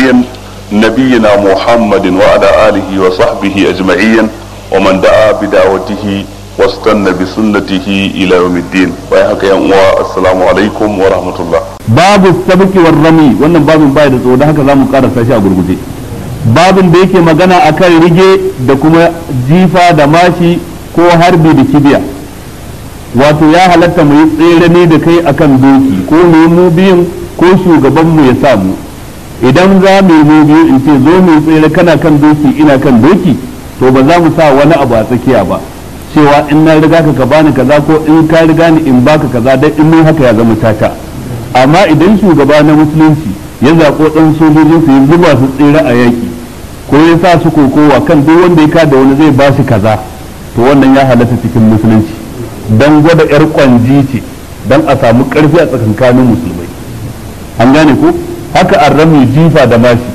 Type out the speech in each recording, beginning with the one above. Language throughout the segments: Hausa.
الكريم نبينا محمد وعلى آله وصحبه أجمعين ومن دعا بدعوته واستنى بسنته إلى يوم الدين ويحكى السلام عليكم ورحمة الله باب السبك والرمي وانا باب بايد سودا هكا لامو قادة ساشا قرقودي باب بيكي مغانا magana رجي دكما جيفا دماشي كو هربي da wato ya halatta mu yi tsere ne da kai akan doki ko mu yi biyun ko shugabanmu ya samu idan za mu yi biyu in ce zo mu tsere kana kan doki ina kan doki to ba za mu sa wani abu a tsakiya ba cewa in na riga ka ka bani kaza ko in ka riga ni in baka kaza dan in mun haka ya zama tata amma idan shugaba na musulunci ya zaɓo ɗan sojojin su yi zuba su tsere a yaki ko ya sa su kokowa kan duk wanda ya kada wani zai ba shi kaza to wannan ya halatta cikin musulunci dan gwada yar kwanji ce dan a samu karfi a tsakankanin musulmai an gane ko haka an rami jifa da mashi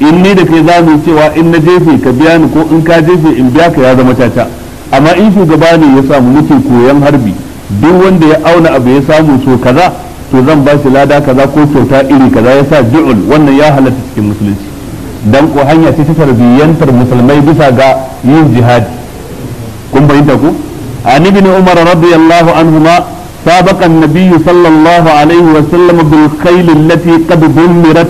in ni da kai zamu cewa in na jefe ka biya ni ko in ka jefe in biya ka ya zama caca amma in shugaba ne ya samu muke koyon harbi duk wanda ya auna abu ya samu so kaza to zan ba shi lada kaza ko kyauta iri kaza ya sa ju'ul wannan ya halatta cikin musulunci dan ko hanya ce ta tarbiyyantar musulmai bisa ga yin jihadi kun bayyana ku an ne umar radiyallahu ma سابق النبي صلى الله عليه وسلم بالخيل التي قد دمرت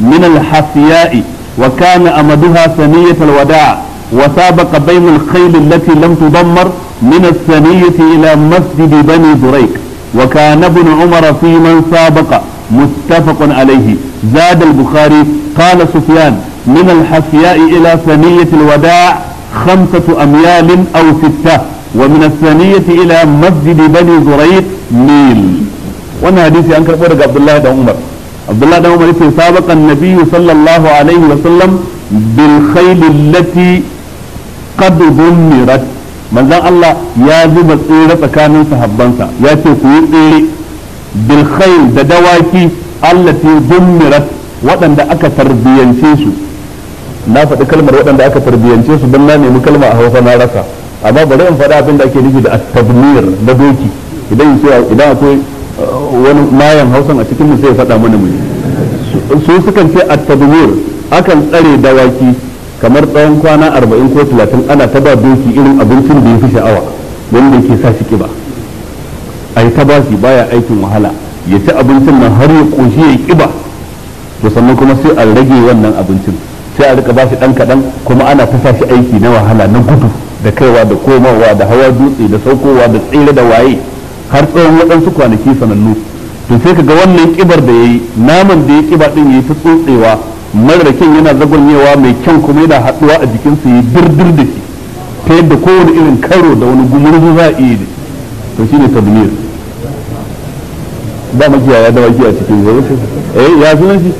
من الحفياء وكان أمدها ثنية الوداع وسابق بين الخيل التي لم تدمر من الثنية إلى مسجد بني دريك وكان ابن عمر في من سابق متفق عليه زاد البخاري قال سفيان من الحفياء إلى ثنية الوداع خمسة أميال أو ستة ومن الثانية إلى مسجد بني زريق ميل وانا حديثي أنكر بورك عبد الله بن عمر عبد الله بن عمر يقول سابق النبي صلى الله عليه وسلم بالخيل التي قد ضمرت من الله يا زب الطيرة كانوا صحبانسا يا تقول إيه بالخيل دواكي التي ضمرت وأن أكا تربيا شيشو na faɗi kalmar waɗanda aka tarbiyance su don na nemi kalma a hausa na rasa amma bari in faɗa abin da ake nufi da at tabnir da doki idan idan akwai uh, wani mayan hausan a cikin mu sai ya faɗa mana mu su sukan ce at tabnir akan tsare dawaki kamar tsawon kwana 40 ko 30 ana ta ba doki irin abincin da ya fi sha'awa wanda yake sa shi kiba ai ta ba shi baya aikin wahala ya ci abincin nan har ya koshi ya kiba to sannan kuma sai a rage wannan abincin sai a rika ba shi dan kadan kuma ana ta sa shi aiki na wahala na gudu da kaiwa da komawa da hawa dutse da saukowa da tsere da waye har tsawon waɗansu kwanaki sanannu to sai ka ga wannan kibar da yayi naman da ya kiba din yayi ta tsotsewa marrakin yana zagonyewa mai kyan kuma yana haɗuwa a jikin su yi dirdir da shi ta yadda kowane irin karo da wani gumurzu za a iya da to shine tadmir ba da dawaki a cikin zuwa eh ya sunan shi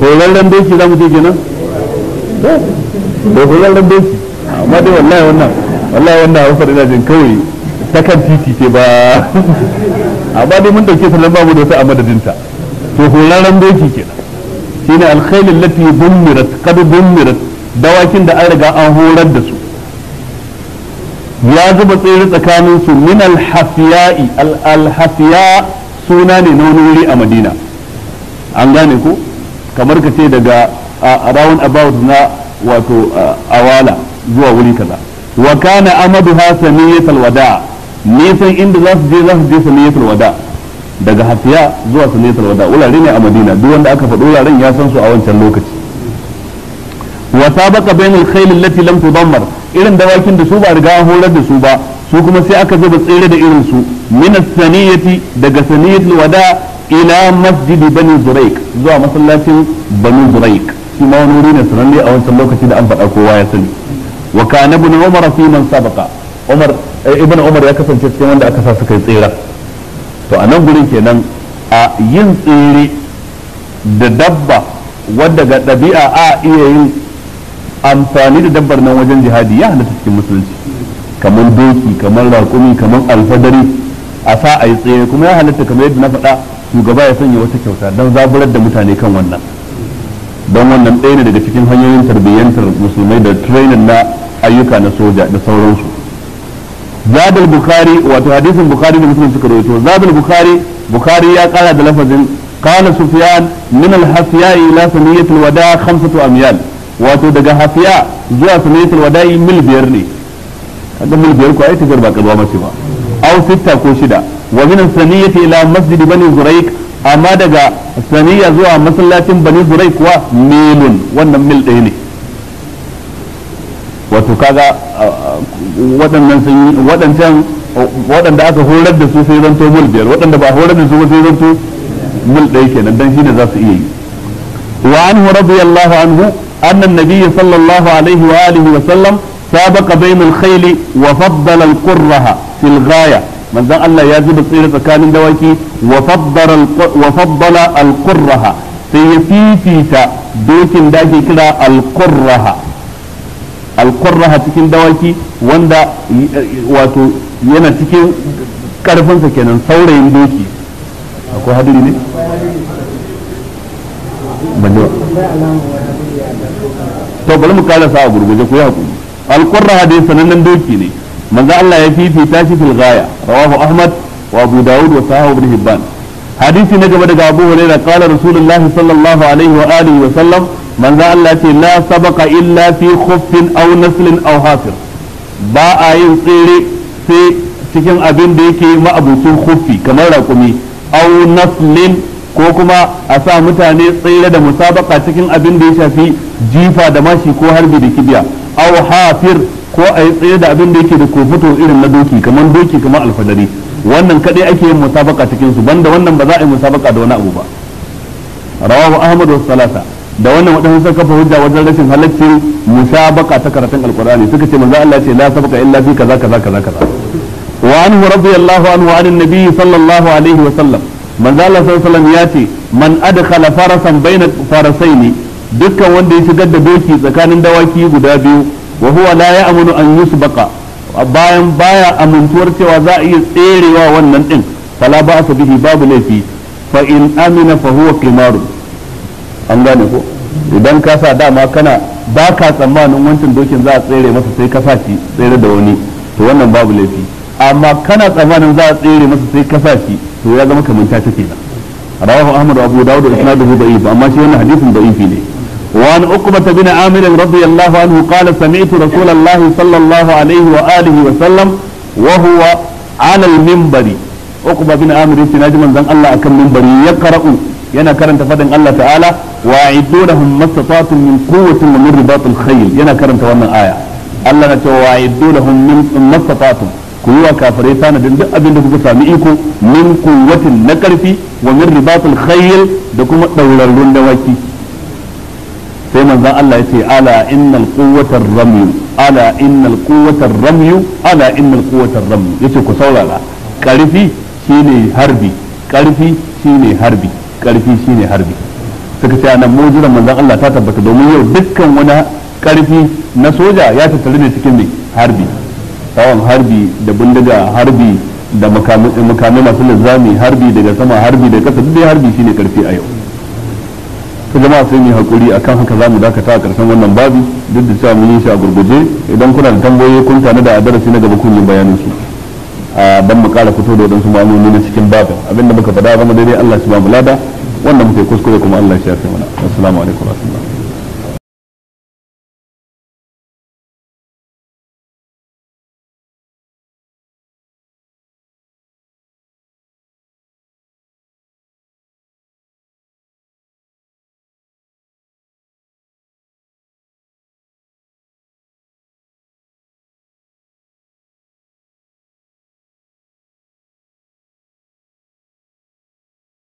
horarren doki za mu je kenan da ko yaran doki amma dai wallahi wannan wallahi wannan hausar ina jin kawai ta kan titi ce ba amma dai mun dauke ta nan babu da wata a madadinta to hularan doki kenan shine alkhailul lati bumirat qad bumirat dawakin da an riga an horar da su ya zuba tsere tsakanin su min alhafiya'i alhafiya suna ne na wani wuri a madina an gane ku kamar ka ce daga a round about na wato uh, awala zuwa wuri kaza wa kana ha samiyatul wada nisan inda za su je za su je samiyatul wada daga hafiya zuwa samiyatul wada wurare ne a madina duk wanda aka faɗo wuraren ya san su a wancan lokaci wa sabaqa bainal khayl allati lam tudammar irin dawakin da su ba riga an horar da su ba su kuma sai aka zuba tsere da irin su min saniyati daga saniyatul wada ila masjid bani zuraik zuwa masallacin bani zuraik shi ma wani wuri ne sananne a wancan lokaci da an faɗa kowa ya sani wa kana ibn umar fi man sabaqa umar eh, ibn umar ya kasance cikin wanda aka sa suka kai tsira to a nan gurin kenan a yin tsere da dabba wadda ga ɗabi'a a iya yin amfani da dabbar nan wajen jihadi ya halatta cikin musulunci kamar doki kamar raƙumi kamar alfadari a sa a yi tsere kuma ya halatta kamar yadda na faɗa shugaba ya sanya wata kyauta don zaburar da mutane kan wannan don wannan ɗaya ne daga cikin hanyoyin tarbiyyantar musulmai da training na ayyuka na soja da sauransu zadal bukari wato hadisin bukari da muslim suka rawaito zadal bukhari bukari ya kara da lafazin kana sufyan min al hafiya ila saniyatil wada khamsatu amyal wato daga hafiya zuwa saniyatil wada mil biyar ne kaga mil biyar ko ai ba kalwa mace ba aw ko shida wa min saniyati ila masjid bani zuraik amma daga saniya zuwa masallacin bani zurai kuwa milun wannan mil ɗaya ne wato kaga waɗannan sun waɗancan waɗanda aka horar da su sai zanto mil biyar waɗanda ba horar da su ba sai zanto mil ɗaya kenan dan shine za su iya yi wa anhu radiyallahu anhu anna an-nabiy sallallahu alaihi wa alihi wa sallam sabaqa bainal khayli wa faddala al-qurraha fil ghaya manzon Allah ya zuba tsere tsakanin dawaki wa faddala al-qurraha sai ya fifita dokin da ake kira al-qurraha al-qurraha cikin dawaki wanda wato yana cikin sa kenan saurayin doki akwai hadiri ne to bari mu karasa a gurguje ku ya hakuri al-qurraha dai sanannen doki ne manzo Allah ya fifita shi fil ghaya rawahu ahmad wa abu daud wa sahahu ibn hibban hadisi na gaba daga abu hurairah qala rasulullahi sallallahu alaihi wa alihi wa sallam manzo Allah ce la sabaqa illa fi khuffin aw naslin aw hafir ba a yin tsere sai cikin abin da yake ma'abucin khuffi kamar raƙumi aw naslin ko kuma a sa mutane tsere da musabaka cikin abin da ya shafi jifa da mashi ko harbi da kibiya aw hafir ko a yi tsaye da abin da yake da kofuto irin na doki kamar doki kamar alfadari wannan kadai ake yin musabaka cikin su banda wannan ba za a yi musabaka da wani abu ba rawahu ahmad wa salasa da wannan wadannan sun kafa hujja wajen rashin halaccin musabaka ta karatun alqur'ani suka ce manzo Allah ce la sabaka illa fi kaza kaza kaza kaza wa anhu radiyallahu anhu anan annabi sallallahu alaihi wa sallam manzo Allah sallallahu alaihi wa sallam ya ce man adkhala farasan bayna farasaini dukkan wanda ya shigar da doki tsakanin dawaki guda biyu wa huwa la ya'munu an yusbaqa bayan baya amintuwar cewa za a iya tserewa wannan din fala ba'sa babu laifi fa in amina fa huwa qimarun an gane ko idan ka sa dama kana ba ka tsammanin wancan dokin za a tsere masa sai ka sa tsere da wani to wannan babu laifi amma kana tsammanin za a tsere masa sai ka sa to ya zama kamanta take da rawahu ahmad abu dawud da isnaduhu da'if amma shi wannan hadisin da'ifi ne وعن عقبة بن عامر رضي الله عنه قال سمعت رسول الله صلى الله عليه وآله وسلم وهو على المنبر عقبة بن عامر يتناجي من ذن الله أكم منبر يقرأ ينا كرن تفدن الله تعالى واعدوا لهم ما استطعتم من قوة ومن رباط الخيل ينا كرن تفدن آية الله نتوى واعدوا لهم ما استطعتم ku yi wa kafirai tanadin duk abin da kuka sami iko min kuwatin na karfi wa min ribatul khayl da kuma daurarrun dawaki sai manzan Allah ya ce ala innal quwwatar ramyu ala innal quwwatar ramyu ala innal quwwatar ramyu yace ku saurara karfi shine harbi karfi shine harbi karfi shine harbi suka ce anan mujiran manzan Allah ta tabbata domin yau dukkan wani karfi na soja ya tattare ne cikin mai harbi tsawon harbi da bindiga harbi da makamai masu linzami harbi daga sama harbi da kasa duk harbi shine karfi a yau ta jama'a sai mu hakuri akan haka zamu dakata a karshen wannan babu duk da cewa mun yi shi a gurguje idan kuna da tambayoyi kun tana da darasi na gaba kun yi bayanin su a dan mu kara fito da wadansu ma'anoni na cikin babin abinda muka faɗa zama daidai Allah shi ba mu lada wannan muke kuskure kuma Allah shi ya mana assalamu alaikum